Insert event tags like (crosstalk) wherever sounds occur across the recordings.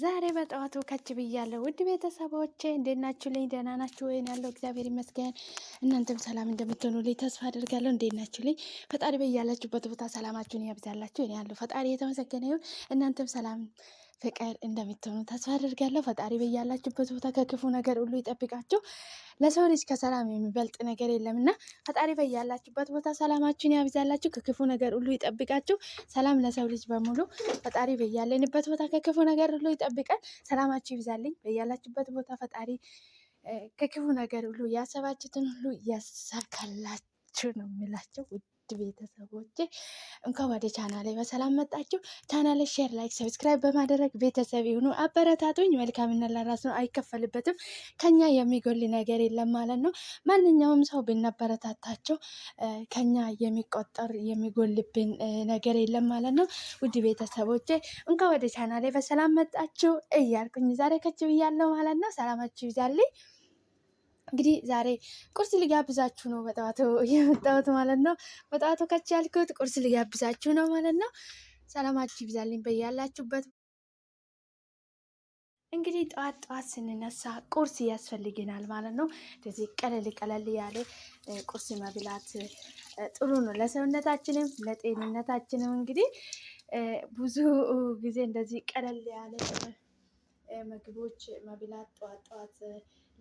ዛሬ በጠዋቱ ከች ብያለሁ። ውድ ቤተሰቦቼ እንዴት ናችሁ? ልኝ ደህና ናችሁ ወይን? ያለው እግዚአብሔር ይመስገን። እናንተም ሰላም እንደምትሆኑ ልኝ ተስፋ አድርጋለሁ። እንዴት ናችሁ? ልኝ ፈጣሪ በያላችሁበት ቦታ ሰላማችሁን ያብዛላችሁ። እኔ ያለሁ ፈጣሪ የተመሰገነ ይሁን። እናንተም ሰላም ፍቅር እንደምትሆኑ ተስፋ አድርጋለሁ። ፈጣሪ በያላችሁበት ቦታ ከክፉ ነገር ሁሉ ይጠብቃችሁ። ለሰው ልጅ ከሰላም የሚበልጥ ነገር የለም እና ፈጣሪ በያላችሁበት ቦታ ሰላማችሁን ያብዛላችሁ፣ ከክፉ ነገር ሁሉ ይጠብቃችሁ። ሰላም ለሰው ልጅ በሙሉ ፈጣሪ በያለንበት ቦታ ከክፉ ነገር ሁሉ ይጠብቃል። ሰላማችሁ ይብዛልኝ በያላችሁበት ቦታ ፈጣሪ ከክፉ ነገር ሁሉ ያሰባችሁትን ሁሉ እያሳካላችሁ ነው የሚላቸው። ቤተሰቦቼ እንኳን ወደ ቻናሌ በሰላም መጣችሁ። ቻናሌ ሼር፣ ላይክ፣ ሰብስክራይብ በማድረግ ቤተሰብ ይሁኑ፣ አበረታቱኝ። መልካምነት ለራስ ነው፣ አይከፈልበትም። ከኛ የሚጎል ነገር የለም ማለት ነው። ማንኛውም ሰው ብናበረታታቸው ከኛ የሚቆጠር የሚጎልብን ነገር የለም ማለት ነው። ውድ ቤተሰቦቼ እንኳን ወደ ቻናሌ በሰላም መጣችሁ እያልኩኝ ዛሬ ከች ብያለሁ ማለት ነው። ሰላማችሁ ይዛልኝ። እንግዲህ ዛሬ ቁርስ ሊጋብዛችሁ ነው። በጠዋቱ (laughs) የመጣሁት ማለት ነው። በጠዋቱ ከች ያልኩት ቁርስ ሊጋብዛችሁ ነው ማለት ነው። ሰላማችሁ ይብዛልኝ በያላችሁበት። እንግዲህ ጠዋት ጠዋት ስንነሳ ቁርስ ያስፈልግናል ማለት ነው። እንደዚህ ቀለል ቀለል ያለ ቁርስ መብላት ጥሩ ነው ለሰውነታችንም ለጤንነታችንም። እንግዲህ ብዙ ጊዜ እንደዚህ ቀለል ያለ ምግቦች መብላት ጠዋት ጠዋት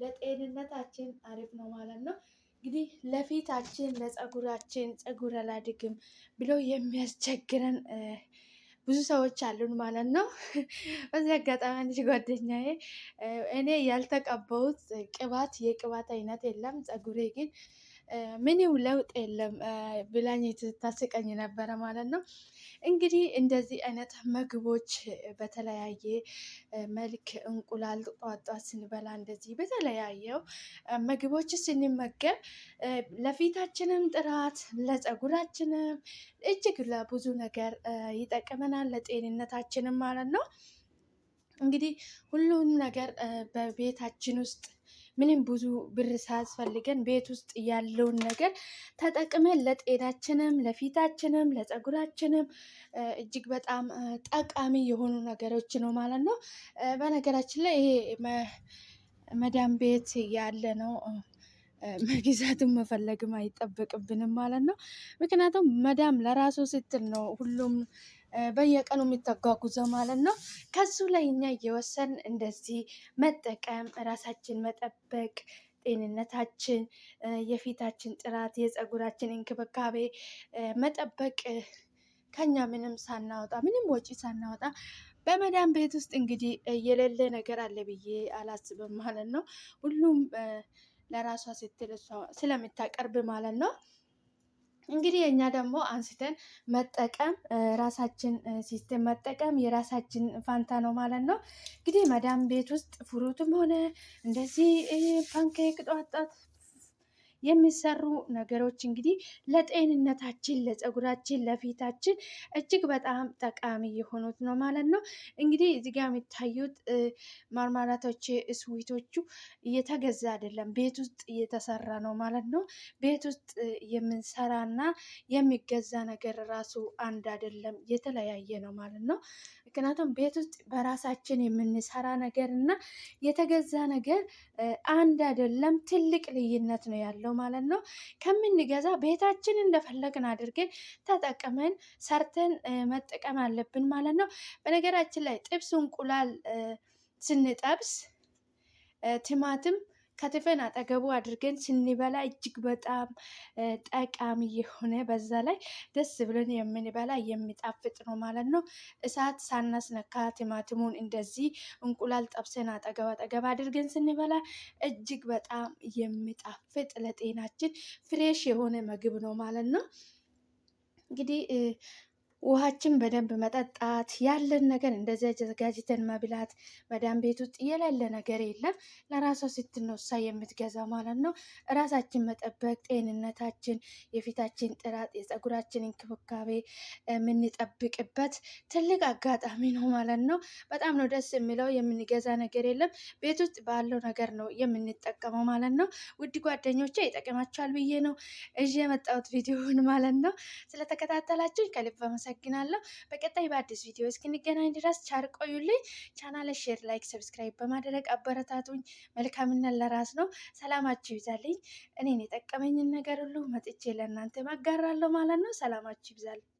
ለጤንነታችን አሪፍ ነው ማለት ነው። እንግዲህ ለፊታችን ለጸጉራችን ጸጉር አላድግም ብሎ የሚያስቸግረን ብዙ ሰዎች አሉን ማለት ነው። በዚህ አጋጣሚ አንድ ጓደኛዬ እኔ ያልተቀባሁት ቅባት የቅባት አይነት የለም ጸጉሬ ግን ምንም ለውጥ የለም ብላኝ ታስቀኝ ነበረ ማለት ነው። እንግዲህ እንደዚህ አይነት ምግቦች በተለያየ መልክ እንቁላል ጧጧ ስንበላ እንደዚህ በተለያየው ምግቦች ስንመገብ ለፊታችንም ጥራት ለፀጉራችንም እጅግ ለብዙ ነገር ይጠቅመናል፣ ለጤንነታችንም ማለት ነው። እንግዲህ ሁሉም ነገር በቤታችን ውስጥ ምንም ብዙ ብር ሳያስፈልገን ቤት ውስጥ ያለውን ነገር ተጠቅመን ለጤናችንም፣ ለፊታችንም፣ ለፀጉራችንም እጅግ በጣም ጠቃሚ የሆኑ ነገሮች ነው ማለት ነው። በነገራችን ላይ ይሄ መዳም ቤት ያለ ነው መግዛትም መፈለግም አይጠበቅብንም ማለት ነው። ምክንያቱም መዳም ለራሱ ስትል ነው ሁሉም በየቀኑ የሚተጓጉዘው ማለት ነው። ከሱ ላይ እኛ እየወሰን እንደዚህ መጠቀም፣ ራሳችን መጠበቅ፣ ጤንነታችን፣ የፊታችን ጥራት፣ የፀጉራችን እንክብካቤ መጠበቅ ከኛ ምንም ሳናወጣ ምንም ወጪ ሳናወጣ በመዳን ቤት ውስጥ እንግዲህ የሌለ ነገር አለ ብዬ አላስብም ማለት ነው። ሁሉም ለራሷ ስትል ስለምታቀርብ ማለት ነው። እንግዲህ እኛ ደግሞ አንስተን መጠቀም ራሳችን ሲስተም መጠቀም የራሳችን ፋንታ ነው ማለት ነው። እንግዲህ መዳም ቤት ውስጥ ፍሩትም ሆነ እንደዚህ ፓንኬክ ጧት የሚሰሩ ነገሮች እንግዲህ ለጤንነታችን፣ ለፀጉራችን፣ ለፊታችን እጅግ በጣም ጠቃሚ የሆኑት ነው ማለት ነው። እንግዲህ እዚህ ጋር የሚታዩት ማርማራቶች፣ ስዊቶቹ እየተገዛ አይደለም ቤት ውስጥ እየተሰራ ነው ማለት ነው። ቤት ውስጥ የምንሰራና የሚገዛ ነገር ራሱ አንድ አይደለም፣ የተለያየ ነው ማለት ነው። ምክንያቱም ቤት ውስጥ በራሳችን የምንሰራ ነገር እና የተገዛ ነገር አንድ አይደለም። ትልቅ ልዩነት ነው ያለው ያለው ማለት ነው። ከምንገዛ ቤታችን እንደፈለግን አድርገን ተጠቅመን ሰርተን መጠቀም አለብን ማለት ነው። በነገራችን ላይ ጥብስ እንቁላል ስንጠብስ ቲማቲም ከትፈን አጠገቡ አድርገን ስንበላ እጅግ በጣም ጠቃሚ የሆነ በዛ ላይ ደስ ብለን የምንበላ የሚጣፍጥ ነው ማለት ነው። እሳት ሳናስነካ ቲማቲሙን እንደዚህ እንቁላል ጠብሰን አጠገብ አጠገብ አድርገን ስንበላ እጅግ በጣም የሚጣፍጥ ለጤናችን ፍሬሽ የሆነ ምግብ ነው ማለት ነው እንግዲህ ውሃችን በደንብ መጠጣት ያለን ነገር እንደዚያ ዘጋጅተን መብላት። መዳም ቤት ውስጥ የሌለ ነገር የለም። ለራሷ ስትነሳ የምትገዛ ማለት ነው። ራሳችን መጠበቅ፣ ጤንነታችን፣ የፊታችን ጥራት፣ የፀጉራችን እንክብካቤ የምንጠብቅበት ትልቅ አጋጣሚ ነው ማለት ነው። በጣም ነው ደስ የሚለው። የምንገዛ ነገር የለም። ቤት ውስጥ ባለው ነገር ነው የምንጠቀመው ማለት ነው። ውድ ጓደኞቼ ይጠቅማቸዋል ብዬ ነው እዚህ የመጣሁት ቪዲዮውን ማለት ነው። ስለተከታተላችሁ ከልብ አመሰግናለሁ። በቀጣይ በአዲስ ቪዲዮ እስክንገናኝ ድረስ ቻር ቆዩልኝ። ቻናል ሼር፣ ላይክ፣ ሰብስክራይብ በማድረግ አበረታቱኝ። መልካምነት ለራስ ነው። ሰላማችሁ ይብዛልኝ። እኔን የጠቀመኝን ነገር ሁሉ መጥቼ ለእናንተ ማጋራለሁ ማለት ነው። ሰላማችሁ ይብዛል።